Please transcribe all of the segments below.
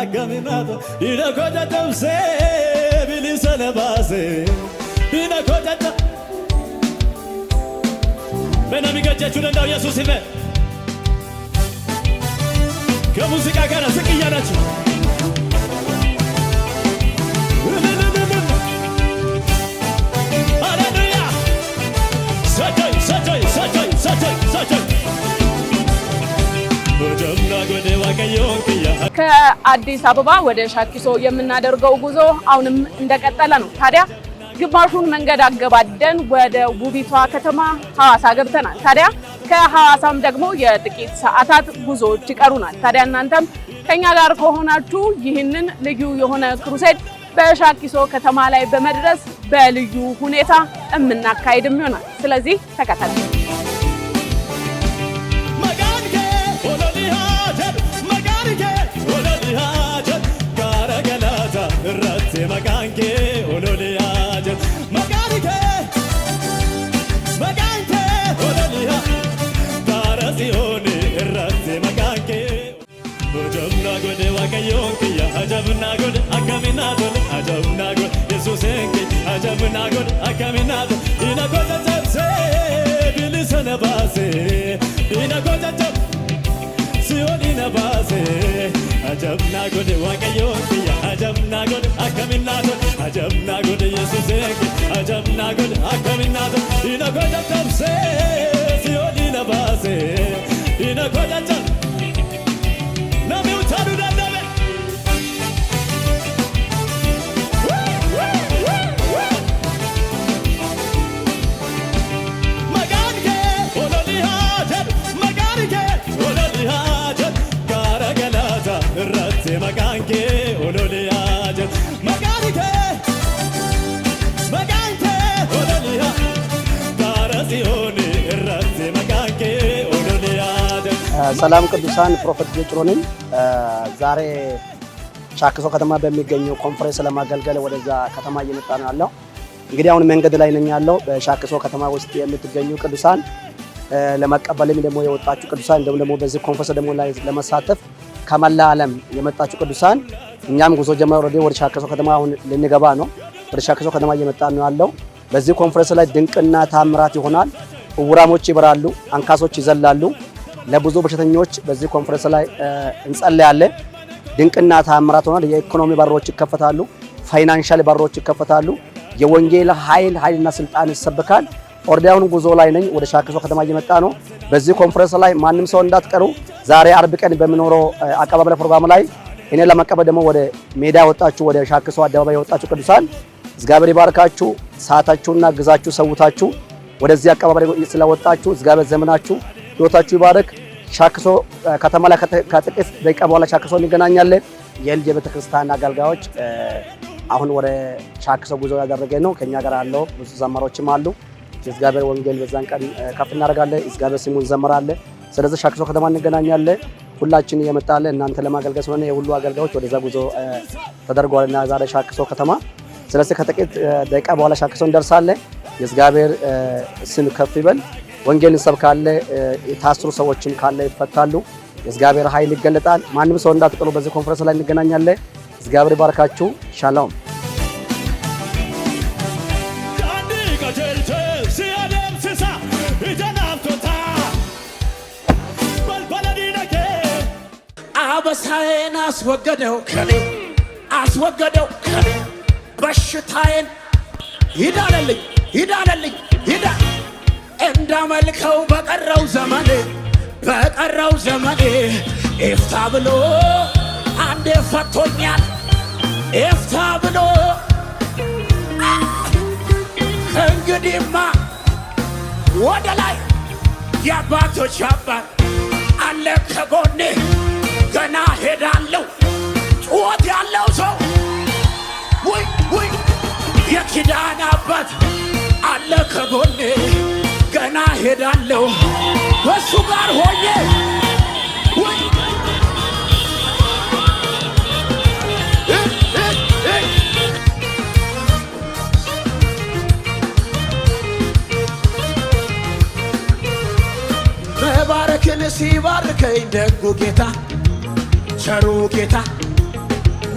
አጋሚናቶ ይነኮጨጨብሴ ቢሊሰለባሴ ይነኮጨጨ በናሚገጨችሁ ደንዳው ኢየሱስ ይልበ ከሙዚቃ ጋር ዝቅ እያላችሁ አሌሉያ ሰጆይ ሰጆይ ሰጆይ ሰጆይ ሰጆይ ከአዲስ አበባ ወደ ሻኪሶ የምናደርገው ጉዞ አሁንም እንደቀጠለ ነው። ታዲያ ግማሹን መንገድ አገባደን ወደ ውቢቷ ከተማ ሐዋሳ ገብተናል። ታዲያ ከሐዋሳም ደግሞ የጥቂት ሰዓታት ጉዞዎች ይቀሩናል። ታዲያ እናንተም ከኛ ጋር ከሆናችሁ ይህንን ልዩ የሆነ ክሩሴድ በሻኪሶ ከተማ ላይ በመድረስ በልዩ ሁኔታ የምናካሄድም ይሆናል። ስለዚህ ተከታተሉ። ቀየሆንክ የአጀብና ጎድ አካሚና ጎድ አጀብና ጎድ የሱስ ንክ አጀብና ጎድ አካሚና ጎድ ይነጎጨጨብሴ ቢልሰነባሴ ይነጎጨጨብ ሲሆን ይነባሴ አጀብና ጎድ ዋቀየሆንክ የአጀብና ጎድ አካሚና ጎድ አጀብና ጎድ የሱስ አጀብና ጎድ አካሚና ጎድ ይነጎጨጨብ ሰላም ቅዱሳን ፕሮፌት ጌጭሮ ነኝ። ዛሬ ቻክሶ ከተማ በሚገኘው ኮንፈረንስ ለማገልገል ወደዛ ከተማ እየመጣ ነው ያለው። እንግዲህ አሁን መንገድ ላይ ነኝ ያለው በሻኪሶ ከተማ ውስጥ የምትገኙ ቅዱሳን ለመቀበልም ደግሞ የወጣችሁ ቅዱሳን እንደውም ደግሞ በዚህ ኮንፈረንስ ደግሞ ላይ ለመሳተፍ ከመላ ዓለም የመጣችሁ ቅዱሳን እኛም ጉዞ ጀመረ ወደ ወደ ሻኪሶ ከተማ አሁን ልንገባ ነው። ወደ ሻኪሶ ከተማ እየመጣ ነው ያለው። በዚህ ኮንፈረንስ ላይ ድንቅና ታምራት ይሆናል። እውራሞች ይበራሉ፣ አንካሶች ይዘላሉ። ለብዙ በሽተኞች በዚህ ኮንፈረንስ ላይ እንጸለያለን። ድንቅና ተአምራት ሆናል። የኢኮኖሚ በሮች ይከፈታሉ። ፋይናንሻል በሮች ይከፈታሉ። የወንጌል ኃይል ኃይልና ስልጣን ይሰብካል። ኦርዲያውን ጉዞ ላይ ነኝ። ወደ ሻክሶ ከተማ እየመጣ ነው። በዚህ ኮንፈረንስ ላይ ማንም ሰው እንዳትቀሩ። ዛሬ አርብ ቀን በሚኖረው አቀባበል ፕሮግራም ላይ እኔ ለመቀበል ደግሞ ወደ ሜዳ ወጣችሁ ወደ ሻክሶ አደባባይ የወጣችሁ ቅዱሳን እግዚአብሔር ይባርካችሁ። ሰዓታችሁና ግዛችሁ ሰውታችሁ ወደዚህ አቀባበል ስለወጣችሁ እግዚአብሔር ዘመናችሁ ህይወታችሁ ይባረክ። ሻክሶ ከተማ ላይ ከጥቂት ደቂቃ በኋላ ሻክሶ እንገናኛለን። የልጅ የቤተክርስቲያን አገልጋዮች አሁን ወደ ሻክሶ ጉዞ ያደረገ ነው። ከኛ ጋር ያለው ብዙ ዘማሪዎችም አሉ። የእግዚአብሔር ወንጌል በዛን ቀን ከፍ እናደርጋለን። የእግዚአብሔር ስሙ እንዘምራለን። ስለዚህ ሻክሶ ከተማ እንገናኛለን። ሁላችን እየመጣለ እናንተ ለማገልገል ስለሆነ የሁሉ አገልጋዮች ወደዛ ጉዞ ተደርጓል እና ዛሬ ሻክሶ ከተማ ስለዚህ ከጥቂት ደቂቃ በኋላ ሻክሶ እንደርሳለን። የእግዚአብሔር ስም ከፍ ይበል። ወንጌልን ካለ የታስሩ ሰዎችም ካለ ይፈታሉ። የእግዚአብሔር ኃይል ይገለጣል። ማንም ሰው እንዳትቀሉ። በዚህ ኮንፈረንስ ላይ እንገናኛለን። እግዚአብሔር ይባርካችሁ። ሻላውም አበሳዬን አስወገደው ከኔ አስወገደው ከኔ በሽታዬን ሂዳለልኝ ሂዳለልኝ ሂዳ እንዳመልከው በቀረው ዘመኔ በቀረው ዘመኔ ኤፍታ ብሎ አንዴ ፈቶኛል። ኤፍታ ብሎ እንግዲህማ ወደ ላይ የአባቶች አባት አለ ከጎኔ ገና ሄዳለሁ። ጩኸት ያለው ሰው ውይ ውይ የኪዳን አባት አለ ከጎኔ እሄዳለሁ ከሱ ጋር ሆኜ መባረክን ሲባርከኝ ደጉ ጌታ ቸሩ ጌታ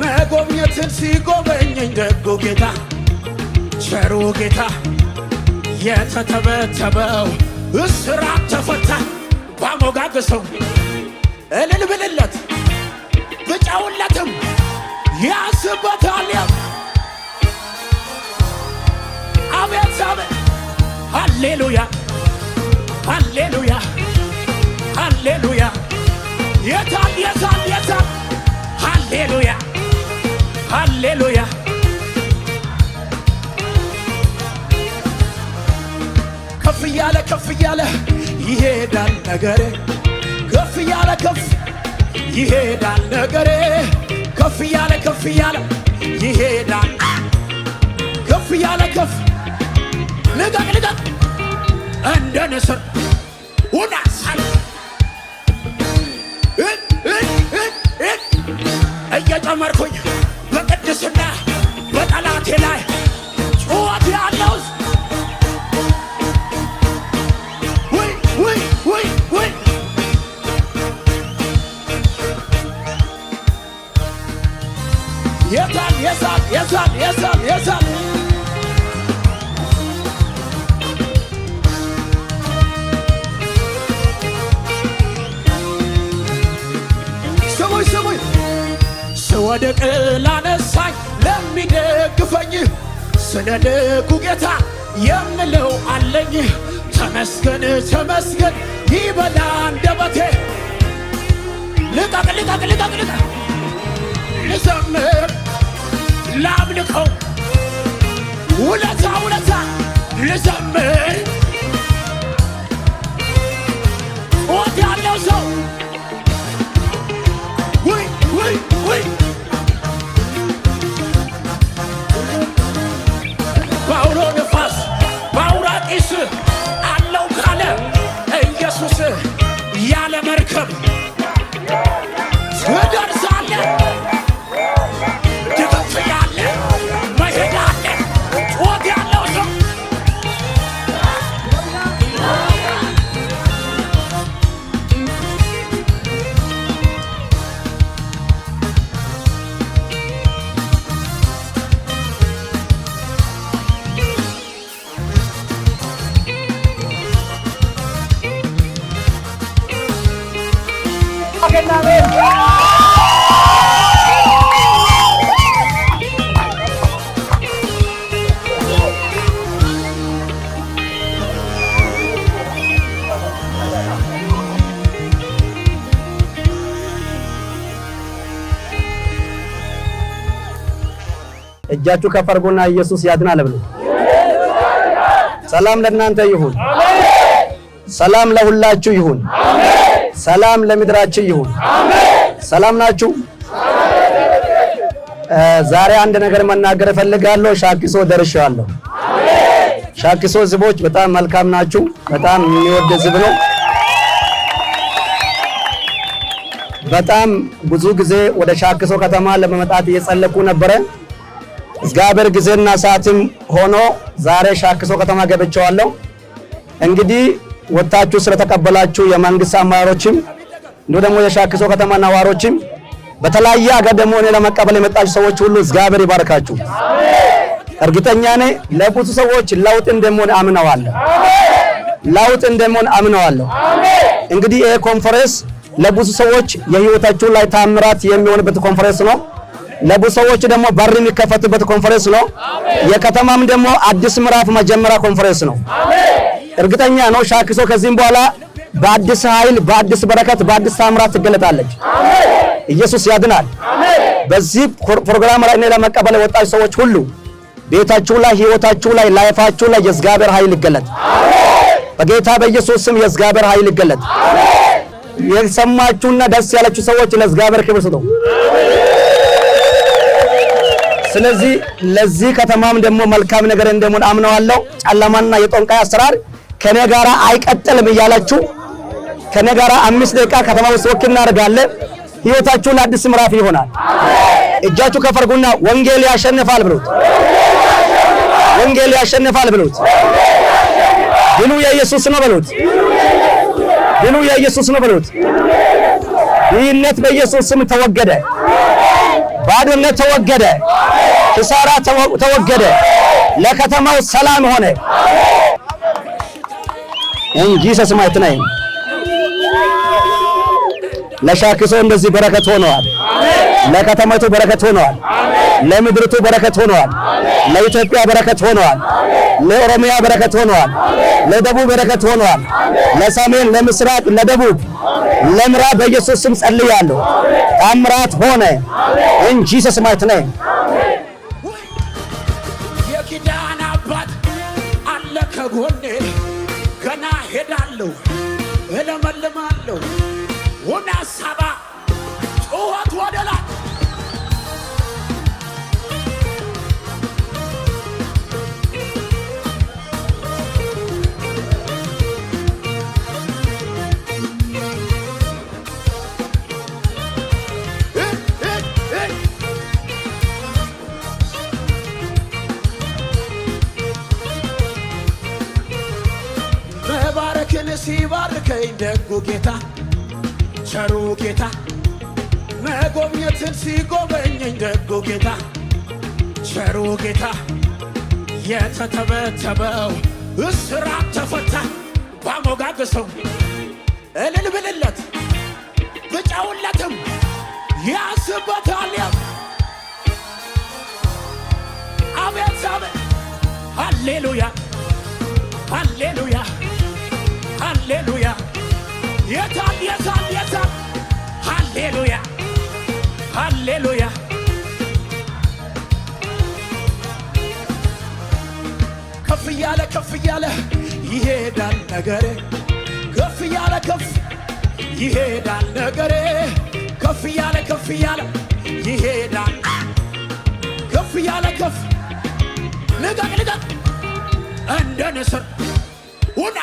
መጎብኘትን ሲጎበኘኝ ደጉ ጌታ ቸሩ ጌታ የተተበተበው እስራት ተፈታ ባሞጋግ ሰው እልል ብልለት ብጫውለትም ያስበታል። አቤት ሳብ ሃሌሉያ ሃሌሉያ ሃሌሉያ የታል የታል የታል ሃሌሉያ ሃሌሉያ እያለ ከፍ እያለ ይሄዳል ነገሬ ከፍ እያለ ከፍ ይሄዳል ነገሬ ከፍ እያለ ከፍ እያለ ይሄዳል ከፍ እያለ ከፍ ልቀቅ ልቀቅ እንደ ንስር ሁና ሳል እየጨመርኩኝ በቅድስና በጠላቴ ላይ የዛን የዛን የዛን ስሙኝ ስሙኝ ስወድቅ ላነሳኝ ለሚደግፈኝ ስለ ደጉ ጌታ የምለው አለኝ ተመስገን ተመስገን ይበላ አንደበቴ ልቀቅ ልቀቅ ልቀቅ ልቀቅ ልዘምር ላምልከው ውለታ ውለታ ልዘምር ወት ያለው ሰው ውይ ውይ ውይ እጃችሁ ከፍ አድርጉና ኢየሱስ ያድናል ብሉ። ሰላም ለእናንተ ይሁን። ሰላም ለሁላችሁ ይሁን። ሰላም ለምድራችን ይሁን። ሰላም ናችሁ? ዛሬ አንድ ነገር መናገር እፈልጋለሁ። ሻኪሶ ደርሻለሁ። ሻኪሶ ዝቦች በጣም መልካም ናችሁ። በጣም የሚወድ ዝብ ነው። በጣም ብዙ ጊዜ ወደ ሻኪሶ ከተማ ለመመጣት እየጸለኩ ነበረ። እግዚአብሔር ጊዜና ሰዓትም ሆኖ ዛሬ ሻኪሶ ከተማ ገብቻለሁ። እንግዲህ ወጣችሁ ስለተቀበላችሁ የመንግስት አመራሮችም እንዲሁ ደግሞ የሻክሶ ከተማ ነዋሪዎችም በተለያየ ሀገር ደግሞ እኔ ለመቀበል የመጣችሁ ሰዎች ሁሉ እግዚአብሔር ይባርካችሁ። እርግጠኛ ነኝ ለብዙ ሰዎች ለውጥ እንደሚሆን አምነዋለሁ። ለውጥ እንደሚሆን አምነዋለሁ። እንግዲህ ይሄ ኮንፈረንስ ለብዙ ሰዎች የህይወታችሁ ላይ ታምራት የሚሆንበት ኮንፈረንስ ነው። ለብዙ ሰዎች ደግሞ በር የሚከፈትበት ኮንፈረንስ ነው። የከተማም ደግሞ አዲስ ምዕራፍ መጀመሪያ ኮንፈረንስ ነው። እርግጠኛ ነው ሻክሶ ከዚህም በኋላ በአዲስ ኃይል፣ በአዲስ በረከት፣ በአዲስ ታምራት ትገለጣለች። ኢየሱስ ያድናል። በዚህ ፕሮግራም ላይ እኔ ለመቀበል የወጣች ሰዎች ሁሉ ቤታችሁ ላይ፣ ህይወታችሁ ላይ፣ ላይፋችሁ ላይ የእግዚአብሔር ኃይል ይገለጥ። በጌታ በኢየሱስ ስም የእግዚአብሔር ኃይል ይገለጥ። የሰማችሁና ደስ ያላችሁ ሰዎች ለእግዚአብሔር ክብር ስጡ። ስለዚህ ለዚህ ከተማም ደግሞ መልካም ነገር እንደምን አምነዋለሁ። ጨለማና የጦንቃይ አሰራር ከኔ ጋራ አይቀጥልም እያላችሁ ከኔ ጋራ አምስት ደቂቃ ከተማ ውስጥ ወክ እናደርጋለን። ህይወታችሁ ለአዲስ ምዕራፍ ይሆናል። እጃችሁ ከፈርጉና ወንጌል ያሸንፋል ብሉት፣ ወንጌል ያሸንፋል ብሉት። ድሉ የኢየሱስ ነው ብሉት፣ ድሉ የኢየሱስ ነው ብሉት። ድህነት በኢየሱስ ስም ተወገደ፣ ባዶነት ተወገደ፣ ኪሳራ ተወገደ፣ ለከተማው ሰላም ሆነ። እንጂ ሰስማት ነኝ ለሻክሶ እንደዚህ በረከት ሆነዋል። ለከተማቱ በረከት ሆነዋል። ለምድርቱ በረከት ሆነዋል። ለኢትዮጵያ በረከት ሆነዋል። ለኦሮሚያ በረከት ሆነዋል። ለደቡብ በረከት ሆነዋል። ለሰሜን፣ ለምስራቅ፣ ለደቡብ፣ ለምዕራብ በኢየሱስ ስም ጸልያለሁ። ታምራት ሆነ። ኢን ጂሰስ ማይት ኔም ገና ሄዳለሁ እለመልማለሁ ሁና ሳባ ጩኸት ወደ ላይ ሲባርከኝ ደጉ ጌታ ቸሩ ጌታ መጎብኘትን ሲጎበኘኝ ደጉ ጌታ ቸሩ ጌታ የተተበተበው እስራት ተፈታ ባሞጋገሰው እልል ብልለት ብጨውለትም ያስበታል አቤት አቤት ሃሌሉያ ሃሌሉያ የታል የታል የታል? ሃሌሉያ ሃሌሉያ ከፍ እያለ ከፍ እያለ ይሄዳል ነገሬ ከፍ እያለ ከፍ ይሄዳል ነገሬ ከፍ እያለ ከፍ እያለ ይሄዳል ከፍ እያለ ከፍ ልቀቅ ልቀቅ እንደ ንስር ውዳ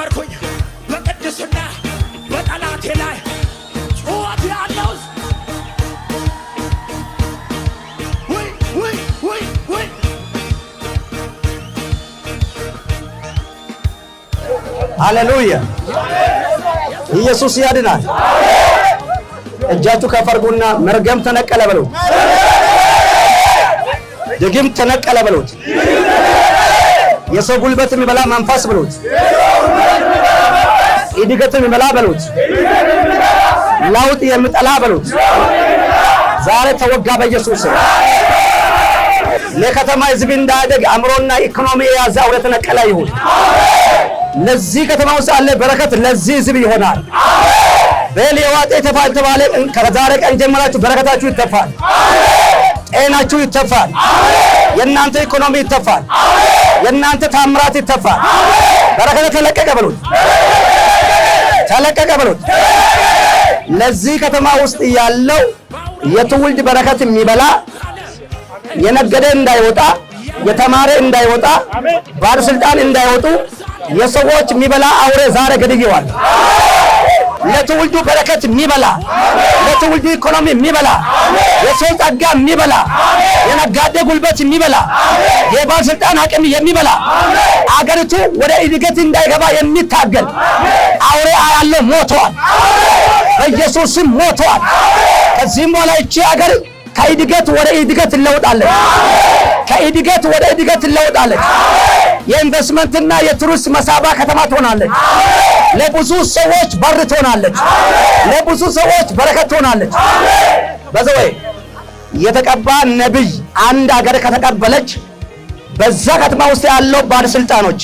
ተመርኩኝ በቅድስና በጠላቴ ላይ ጩኸት ያለው ሃሌሉያ ኢየሱስ ያድናል። እጃችሁ ከፈርጉና አድርጉና መርገም ተነቀለ በሉት፣ ድግም ተነቀለ በሉት፣ የሰው ጉልበት የሚበላ መንፈስ በሉት እድገትን እምላ በሉት፣ ለውጥ የምጠላ በሉት። ዛሬ ተወጋ በኢየሱስ ለከተማ ህዝብ እንዳያደግ አእምሮና ኢኮኖሚ የያዘ አውሬ የተነቀለ ይሁን። ለዚህ ከተማ ውስጥ አለ በረከት ለዚህ ህዝብ ይሆናል። በሌዋጤ ተፋል ተባለ ከዛሬ ቀን ጀምራችሁ በረከታችሁ ይተፋል። ጤናችሁ ይተፋል። የእናንተ ኢኮኖሚ ይተፋል። የእናንተ ታምራት ይተፋል። በረከት ተለቀቀ ብሉት። ተለቀቀ በሉት። ለዚህ ከተማ ውስጥ ያለው የትውልድ በረከት የሚበላ የነገደ እንዳይወጣ፣ የተማረ እንዳይወጣ፣ ባለስልጣን እንዳይወጡ የሰዎች የሚበላ አውሬ ዛሬ ገድየዋል። ለትውልዱ በረከት የሚበላ ለትውልዱ ኢኮኖሚ የሚበላ የሰው ጸጋ የሚበላ የነጋዴ ጉልበት የሚበላ የባለስልጣን አቅም የሚበላ አገሪቱ ወደ እድገት እንዳይገባ የሚታገል አውሬ ያለው ሞተዋል። በኢየሱስ ሞተዋል። ከዚህም በኋላ ይቺ አገር ከእድገት ወደ እድገት እንለውጣለን። ከእድገት ወደ እድገት እንለውጣለን። የኢንቨስትመንትና የቱሪስት መሳቢያ ከተማ ትሆናለች። ለብዙ ሰዎች በር ትሆናለች። ለብዙ ሰዎች በረከት ትሆናለች። በዘወይ የተቀባ ነቢይ አንድ አገር ከተቀበለች በዛ ከተማ ውስጥ ያለው ባለስልጣኖች፣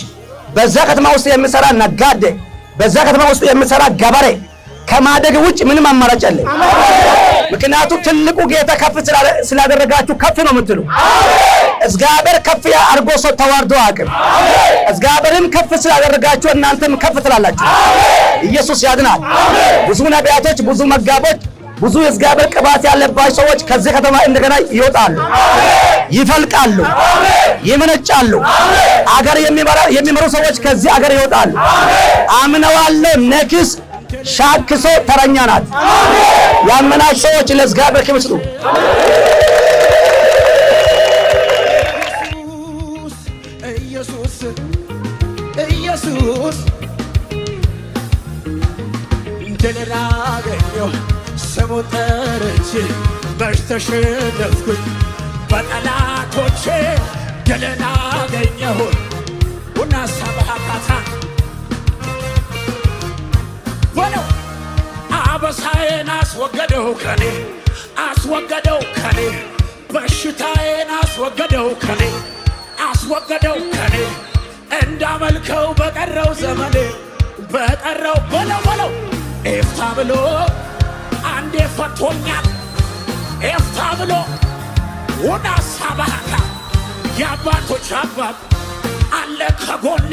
በዛ ከተማ ውስጥ የሚሰራ ነጋዴ፣ በዛ ከተማ ውስጥ የሚሰራ ገበሬ ከማደግ ውጭ ምንም አማራጭ የለም። ምክንያቱም ትልቁ ጌታ ከፍ ስላደረጋችሁ ከፍ ነው የምትሉ። እግዚአብሔር ከፍ አድርጎ ሰው ተዋርዶ አቅም እግዚአብሔርን ከፍ ስላደረጋችሁ እናንተም ከፍ ትላላችሁ። ኢየሱስ ያድናል። ብዙ ነቢያቶች፣ ብዙ መጋቦች፣ ብዙ የእግዚአብሔር ቅባት ያለባቸው ሰዎች ከዚህ ከተማ እንደገና ይወጣሉ፣ ይፈልቃሉ፣ ይመነጫሉ። አገር የሚመሩ ሰዎች ከዚህ አገር ይወጣሉ። አምነዋለሁ ነክስ ሻክሶ ተረኛ ናት። ያመናች ሰዎች ለእግዚአብሔር ክብር ስጡ። ኢየሱስ ድልን አገኘሁ፣ ስሙን ጠርቼ መች በጠላቶቼ አገኘሁ አስወገደው ከኔ አስወገደው ከኔ በሽታዬን አስወገደው ከኔ አስወገደው ከኔ እንዳመልከው በቀረው ዘመኔ በቀረው በለው በለው ኤፍታ ብሎ አንዴ ፈቶኛል። ኤፍታ ብሎ ውና ሳባህታ የአባቶች አባት አለ ከጎኔ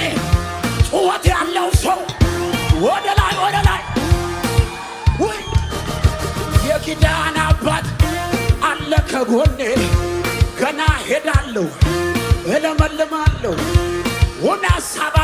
ከጎኔ ገና ሄዳለሁ እለመልማለሁ ሁን